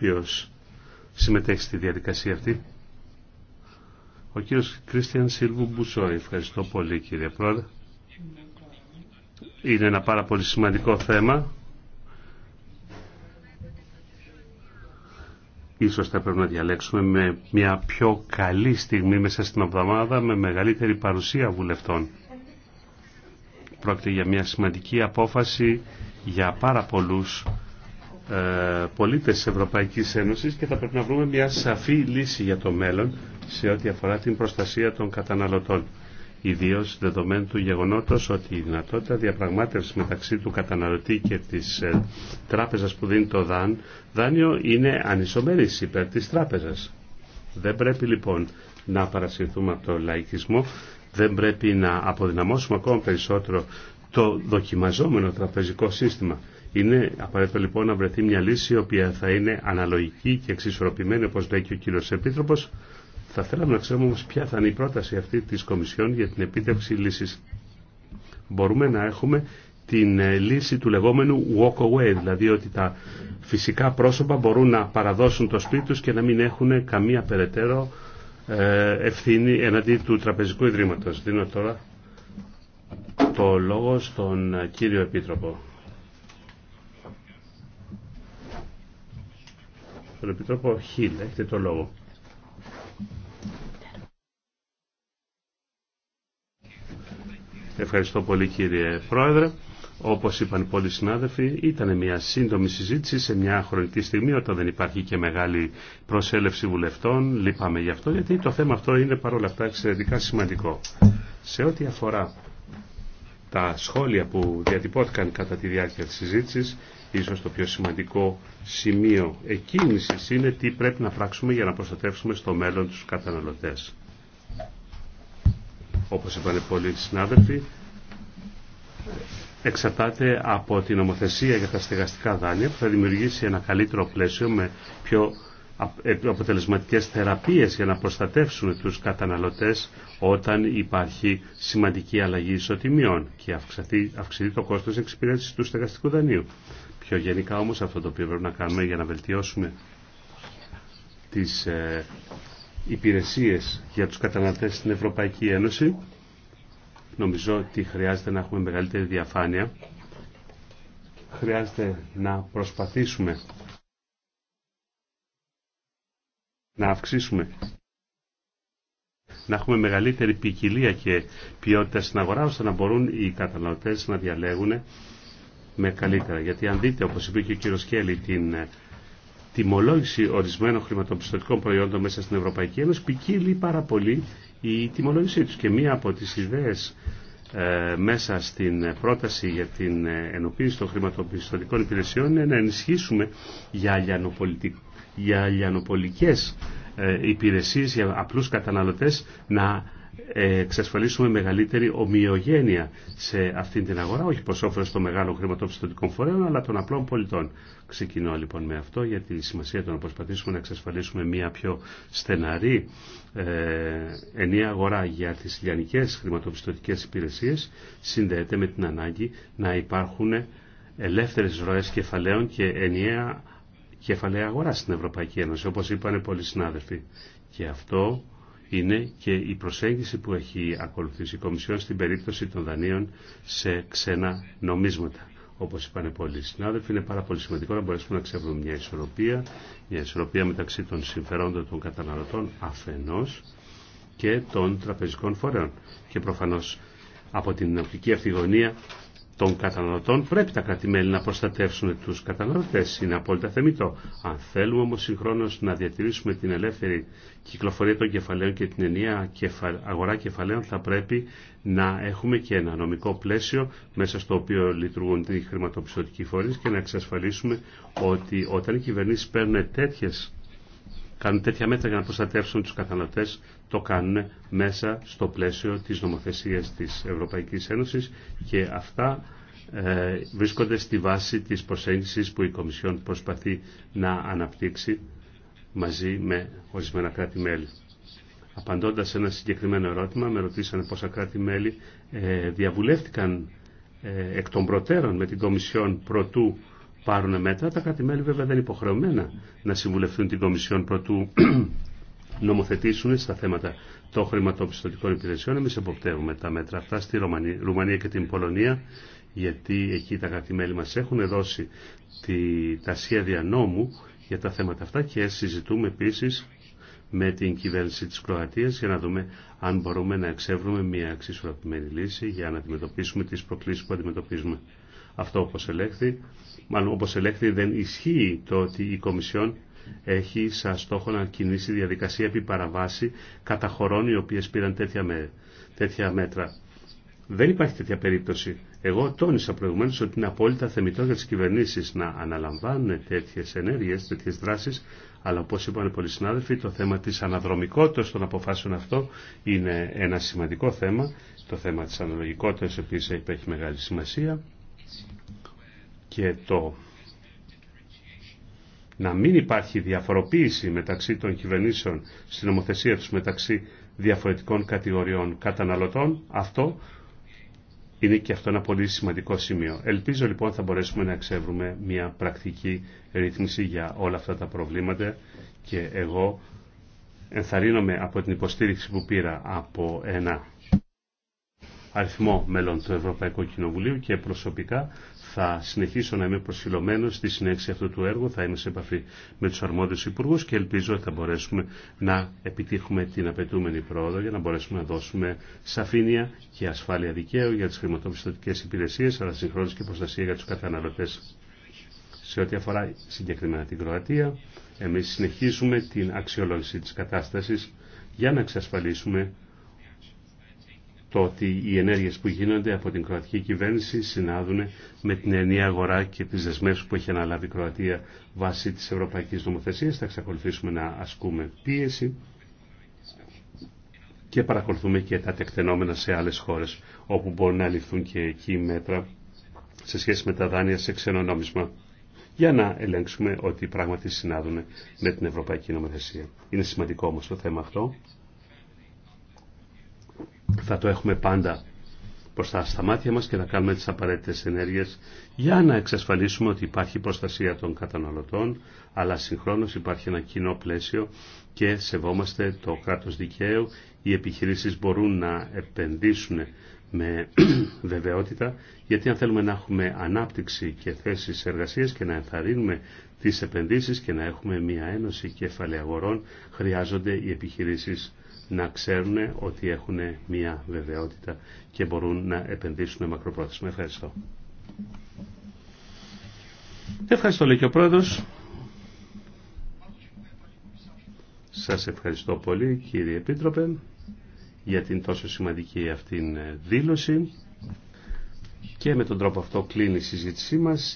οποίος συμμετέχει στη διαδικασία αυτή. Ο κύριος Κρίστιαν Σίλβου Μπουσόη. Ευχαριστώ πολύ κύριε Πρόεδρε. Είναι ένα πάρα πολύ σημαντικό θέμα. Ίσως θα πρέπει να διαλέξουμε με μια πιο καλή στιγμή μέσα στην εβδομάδα με μεγαλύτερη παρουσία βουλευτών. Πρόκειται για μια σημαντική απόφαση για πάρα πολλούς ε, πολίτες της Ευρωπαϊκής Ένωσης και θα πρέπει να βρούμε μια σαφή λύση για το μέλλον σε ό,τι αφορά την προστασία των καταναλωτών. Ιδίω δεδομένου του γεγονότο ότι η δυνατότητα διαπραγμάτευση μεταξύ του καταναλωτή και τη ε, τράπεζα που δίνει το δάν, δάνειο είναι ανισομένη υπέρ τη τράπεζα. Δεν πρέπει λοιπόν να παρασυρθούμε από το λαϊκισμό, δεν πρέπει να αποδυναμώσουμε ακόμα περισσότερο το δοκιμαζόμενο τραπεζικό σύστημα. Είναι απαραίτητο λοιπόν να βρεθεί μια λύση η οποία θα είναι αναλογική και εξισορροπημένη όπως λέει και ο κύριος Επίτροπος. Θα θέλαμε να ξέρουμε όμως ποια θα είναι η πρόταση αυτή της Κομισιόν για την επίτευξη λύσης. Μπορούμε να έχουμε την ε, λύση του λεγόμενου walk away, δηλαδή ότι τα φυσικά πρόσωπα μπορούν να παραδώσουν το σπίτι τους και να μην έχουν καμία περαιτέρω ε, ευθύνη εναντί του Τραπεζικού Ιδρύματος. Δίνω τώρα το λόγο στον ε, κύριο Επίτροπο. τον Επιτρόπο Χίλ. Έχετε το λόγο. Ευχαριστώ πολύ κύριε Πρόεδρε. Όπως είπαν πολλοί συνάδελφοι, ήταν μια σύντομη συζήτηση σε μια χρονική στιγμή όταν δεν υπάρχει και μεγάλη προσέλευση βουλευτών. Λυπάμαι γι' αυτό γιατί το θέμα αυτό είναι παρόλα αυτά εξαιρετικά σημαντικό. Σε ό,τι αφορά τα σχόλια που διατυπώθηκαν κατά τη διάρκεια της συζήτησης, ίσως το πιο σημαντικό σημείο εκκίνησης είναι τι πρέπει να πράξουμε για να προστατεύσουμε στο μέλλον τους καταναλωτές. Όπως είπαν πολλοί συνάδελφοι, εξαρτάται από την νομοθεσία για τα στεγαστικά δάνεια που θα δημιουργήσει ένα καλύτερο πλαίσιο με πιο ε, αποτελεσματικές θεραπείες για να προστατεύσουν τους καταναλωτές όταν υπάρχει σημαντική αλλαγή ισοτιμιών και αυξηθεί, το κόστος εξυπηρέτησης του στεγαστικού δανείου. Πιο γενικά όμως αυτό το οποίο πρέπει να κάνουμε για να βελτιώσουμε τις ε, υπηρεσίες για τους καταναλωτές στην Ευρωπαϊκή Ένωση νομίζω ότι χρειάζεται να έχουμε μεγαλύτερη διαφάνεια χρειάζεται να προσπαθήσουμε να αυξήσουμε να έχουμε μεγαλύτερη ποικιλία και ποιότητα στην αγορά ώστε να μπορούν οι καταναλωτές να διαλέγουν με καλύτερα. Γιατί αν δείτε, όπως είπε και ο κύριος Κέλλη, την ε, τιμολόγηση ορισμένων χρηματοπιστωτικών προϊόντων μέσα στην Ευρωπαϊκή Ένωση ποικίλει πάρα πολύ η τιμολόγησή τους. Και μία από τις ιδέες ε, μέσα στην πρόταση για την ε, ενοποίηση των χρηματοπιστωτικών υπηρεσιών είναι να ενισχύσουμε για για λιανοπολικές ε, υπηρεσίες, για απλούς καταναλωτές να ε, εξασφαλίσουμε μεγαλύτερη ομοιογένεια σε αυτήν την αγορά, όχι προς όφελος των μεγάλων χρηματοπιστωτικών φορέων, αλλά των απλών πολιτών. Ξεκινώ λοιπόν με αυτό, γιατί η σημασία του να προσπαθήσουμε να εξασφαλίσουμε μια πιο στεναρή ε, ενιαία αγορά για τις λιανικές χρηματοπιστωτικές υπηρεσίες συνδέεται με την ανάγκη να υπάρχουν ελεύθερες ροές κεφαλαίων και ενιαία κεφαλαία αγορά στην Ευρωπαϊκή Ένωση, όπως είπανε πολλοί συνάδελφοι. Και αυτό είναι και η προσέγγιση που έχει ακολουθήσει η Κομισιόν στην περίπτωση των δανείων σε ξένα νομίσματα. Όπω είπαν πολλοί συνάδελφοι, είναι πάρα πολύ σημαντικό να μπορέσουμε να ξεβρούμε μια ισορροπία, μια ισορροπία μεταξύ των συμφερόντων των καταναλωτών αφενό και των τραπεζικών φορέων. Και προφανώ από την οπτική αυτή γωνία των καταναλωτών πρέπει τα κρατημέλη να προστατεύσουν τους καταναλωτές. Είναι απόλυτα θεμητό. Αν θέλουμε όμως συγχρόνως να διατηρήσουμε την ελεύθερη κυκλοφορία των κεφαλαίων και την ενιαία αγορά κεφαλαίων θα πρέπει να έχουμε και ένα νομικό πλαίσιο μέσα στο οποίο λειτουργούν οι χρηματοπιστωτικοί φορείς και να εξασφαλίσουμε ότι όταν οι κυβερνήσεις παίρνουν τέτοιες κάνουν τέτοια μέτρα για να προστατεύσουν τους καταναλωτές, το κάνουν μέσα στο πλαίσιο της νομοθεσίας της Ευρωπαϊκής Ένωσης και αυτά ε, βρίσκονται στη βάση της προσέγγισης που η Κομισιόν προσπαθεί να αναπτύξει μαζί με ορισμένα κράτη-μέλη. Απαντώντας σε ένα συγκεκριμένο ερώτημα, με ρωτήσανε πόσα κράτη-μέλη ε, διαβουλεύτηκαν ε, εκ των προτέρων με την Κομισιόν προτού πάρουν μέτρα. Τα κράτη-μέλη βέβαια δεν είναι υποχρεωμένα να συμβουλευτούν την Κομισιόν προτού νομοθετήσουν στα θέματα των χρηματοπιστωτικών υπηρεσιών. Εμεί εποπτεύουμε τα μέτρα αυτά στη Ρουμανία και την Πολωνία, γιατί εκεί τα κράτη-μέλη μα έχουν δώσει τη, τα σχέδια νόμου για τα θέματα αυτά και συζητούμε επίσης με την κυβέρνηση της Κροατίας για να δούμε αν μπορούμε να εξεύρουμε μια αξισορροπημένη λύση για να αντιμετωπίσουμε τις προκλήσεις που αντιμετωπίζουμε. Αυτό όπως ελέγχθη, μάλλον όπως ελέγχθη δεν ισχύει το ότι η Κομισιόν έχει σαν στόχο να κινήσει διαδικασία επί παραβάση κατά χωρών οι οποίες πήραν τέτοια μέτρα. Δεν υπάρχει τέτοια περίπτωση. Εγώ τόνισα προηγουμένω ότι είναι απόλυτα θεμητό για τι κυβερνήσει να αναλαμβάνουν τέτοιε ενέργειε, τέτοιε δράσει, αλλά όπω είπαν πολλοί συνάδελφοι, το θέμα τη αναδρομικότητα των αποφάσεων αυτό είναι ένα σημαντικό θέμα. Το θέμα τη αναλογικότητα επίση έχει μεγάλη σημασία. Και το να μην υπάρχει διαφοροποίηση μεταξύ των κυβερνήσεων στην ομοθεσία τους μεταξύ διαφορετικών κατηγοριών καταναλωτών, αυτό είναι και αυτό ένα πολύ σημαντικό σημείο. Ελπίζω λοιπόν θα μπορέσουμε να εξεύρουμε μια πρακτική ρύθμιση για όλα αυτά τα προβλήματα και εγώ ενθαρρύνομαι από την υποστήριξη που πήρα από ένα αριθμό μέλων του Ευρωπαϊκού Κοινοβουλίου και προσωπικά θα συνεχίσω να είμαι προσιλωμένο στη συνέχεια αυτού του έργου, θα είμαι σε επαφή με τους αρμόδιους υπουργού και ελπίζω ότι θα μπορέσουμε να επιτύχουμε την απαιτούμενη πρόοδο για να μπορέσουμε να δώσουμε σαφήνεια και ασφάλεια δικαίου για τις χρηματοπιστωτικές υπηρεσίες αλλά συγχρόνως και προστασία για του καταναλωτέ. Σε ό,τι αφορά συγκεκριμένα την Κροατία, εμείς συνεχίζουμε την αξιολόγηση της κατάστασης για να εξασφαλίσουμε το ότι οι ενέργειες που γίνονται από την κροατική κυβέρνηση συνάδουν με την ενιαία αγορά και τις δεσμεύσεις που έχει αναλάβει η Κροατία βάσει της Ευρωπαϊκής Νομοθεσίας. Θα εξακολουθήσουμε να ασκούμε πίεση και παρακολουθούμε και τα τεκτενόμενα σε άλλες χώρες όπου μπορούν να ληφθούν και εκεί μέτρα σε σχέση με τα δάνεια σε ξενονόμισμα για να ελέγξουμε ότι πράγματι συνάδουν με την Ευρωπαϊκή Νομοθεσία. Είναι σημαντικό όμως το θέμα αυτό θα το έχουμε πάντα μπροστά στα μάτια μας και να κάνουμε τις απαραίτητες ενέργειες για να εξασφαλίσουμε ότι υπάρχει προστασία των καταναλωτών, αλλά συγχρόνως υπάρχει ένα κοινό πλαίσιο και σεβόμαστε το κράτος δικαίου. Οι επιχειρήσεις μπορούν να επενδύσουν με βεβαιότητα, γιατί αν θέλουμε να έχουμε ανάπτυξη και θέσεις εργασίας και να ενθαρρύνουμε τις επενδύσεις και να έχουμε μια ένωση κεφαλαίου αγορών, χρειάζονται οι επιχειρήσεις να ξέρουν ότι έχουν μια βεβαιότητα και μπορούν να επενδύσουν μακροπρόθεσμα. Ευχαριστώ. Ευχαριστώ λέει και ο Πρόεδρος. Σας ευχαριστώ πολύ κύριε Επίτροπε για την τόσο σημαντική αυτήν δήλωση και με τον τρόπο αυτό κλείνει η συζήτησή μας.